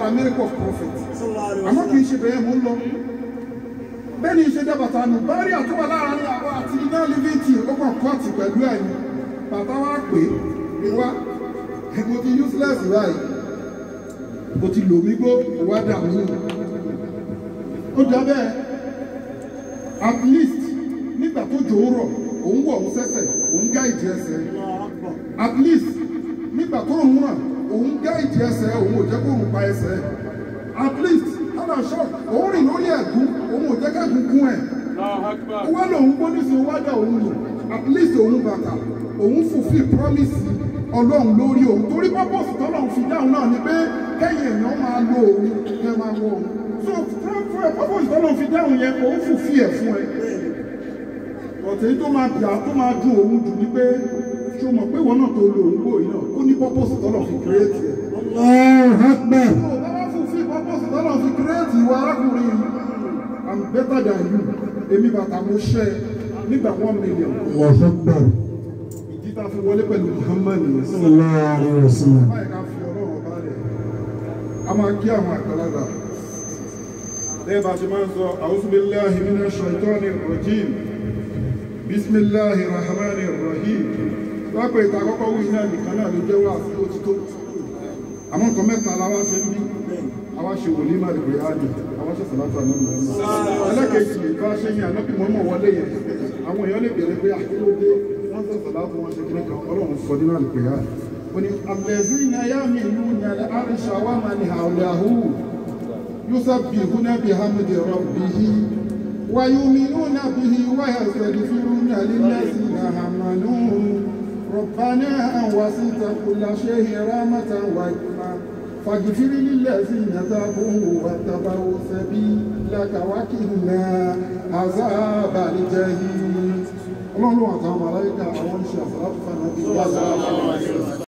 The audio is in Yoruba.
ara miracle of prophet àmọ́ kì í ṣe bẹ́ẹ̀ mú lọ bẹ́ẹ̀ ni ìṣe dábàtà nù bárí àtúbà láàrin àwọn àti iná lívìtì ọkọ̀ kọ́ọ̀tì pẹ̀lú ẹ̀yìn bàtà wa pè é wá mo ti useless báyìí mo ti lò mí gbó ìwádà mi ó jọ bẹ́ẹ̀ at least nígbà tó jò ó rọ̀ òun wọ̀ òun sẹ́sẹ̀ òun gá ìdí at least nígbà tó rọ̀ òun ràn òun gáìdì ẹsẹ̀ òun ò jẹ́ kó òun pa ẹsẹ̀ at least hana shock òun rìn lórí ẹ̀gún òun ò jẹ́ kẹ́gùn gún ẹ̀ wọ́n lòun gbóníṣe wádà òun lò at least òun bàtà òun fulfil promise ọlọ́run lórí òun torí purpose tọ́lọ́run fi dáhùn náà ni pé kẹ́yìn èèyàn máa lo òun kẹ́ máa wọ òun so purpose tọ́lọ́run fi dáhùn yẹn òun fulfil ẹ̀ fún ẹ ọ̀tẹ̀ tó máa bìà tó máa dùn òun jù ni pé tí o mọ̀ pé wọn náà tó lo òǹgbò yìí náà ó ní pọ́pọ́sì tọ́lọ̀ fi kírẹ́ẹ̀tì ẹ̀. Allahu tọ́lọ̀ fi kírẹ́ẹ̀tì ìwà arákùnrin I'm better than you èmi bàtà mo ṣẹ́ nígbà one million. Allahu Akbar. ìdí tá a fi wọlé pẹ̀lú Muhammad yẹn. sallallahu alaihi wasallam. a máa kí àwọn àgbàlagbà lẹ́ẹ̀bà ti máa ń sọ a'udhu billahi minash shaitani rrajim bismillahir rahmanir rahim lọ́pọ̀ ìta kọ́kọ́ wù iná nìkan náà ló jẹ́ wà fún òtítọ́ àwọn nǹkan mẹ́ta la ṣe ń bí àwa ṣe wò ní màdìbò yáàdì àwa ṣe sàlátù àlọ́mù ẹlẹ́kẹ̀ẹ́sì bá ṣe yẹn àná pìmọ́ mọ̀ wọlé yẹn àwọn èèyàn lè bẹ̀rẹ̀ pé àkílódé wọ́n ṣe sàlátù wọn ṣe kúrẹ́ kan ọlọ́run sọ ní màdìbò yáàdì ó ní àbẹ̀síyàn yá mi ìlú nyàlẹ́ àríṣà wà má ní àwòrán ربنا وسعت كل شيء رحمة وحكمة فاغفر للذين تابوا واتبعوا سبيلك وقنا عذاب الجحيم. اللهم صل على ملائكة أول شفاعة فنبي